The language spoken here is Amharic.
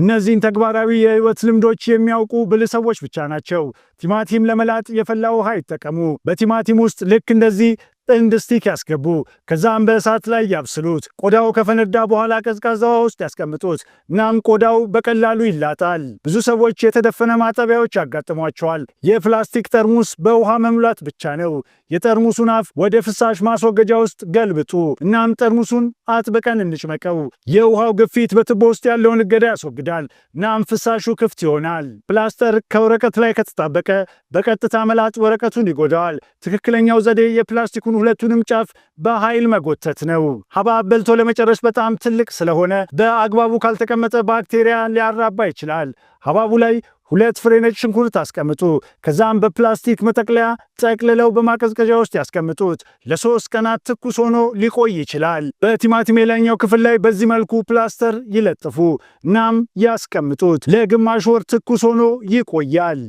እነዚህን ተግባራዊ የህይወት ልምዶች የሚያውቁ ብልህ ሰዎች ብቻ ናቸው። ቲማቲም ለመላጥ የፈላ ውሃ ይጠቀሙ። በቲማቲም ውስጥ ልክ እንደዚህ ጥንድ ስቲክ ያስገቡ። ከዛም በእሳት ላይ ያብስሉት። ቆዳው ከፈነዳ በኋላ ቀዝቃዛ ውሃ ውስጥ ያስቀምጡት። እናም ቆዳው በቀላሉ ይላጣል። ብዙ ሰዎች የተደፈነ ማጠቢያዎች ያጋጥሟቸዋል። የፕላስቲክ ጠርሙስ በውሃ መሙላት ብቻ ነው። የጠርሙሱን አፍ ወደ ፍሳሽ ማስወገጃ ውስጥ ገልብጡ። እናም ጠርሙሱን አጥብቀን እንጭመቀው። የውሃው ግፊት በቱቦ ውስጥ ያለውን እገዳ ያስወግዳል። እናም ፍሳሹ ክፍት ይሆናል። ፕላስተር ከወረቀት ላይ ከተጣበቀ በቀጥታ መላጥ ወረቀቱን ይጎዳዋል። ትክክለኛው ዘዴ የፕላስቲኩን ሁለቱንም ጫፍ በኃይል መጎተት ነው። ሀብሀብ በልቶ ለመጨረስ በጣም ትልቅ ስለሆነ በአግባቡ ካልተቀመጠ ባክቴሪያ ሊያራባ ይችላል። ሀብሀቡ ላይ ሁለት ፍሬ ነጭ ሽንኩርት አስቀምጡ። ከዛም በፕላስቲክ መጠቅለያ ጠቅልለው በማቀዝቀዣ ውስጥ ያስቀምጡት። ለሶስት ቀናት ትኩስ ሆኖ ሊቆይ ይችላል። በቲማቲም የላይኛው ክፍል ላይ በዚህ መልኩ ፕላስተር ይለጥፉ እናም ያስቀምጡት። ለግማሽ ወር ትኩስ ሆኖ ይቆያል።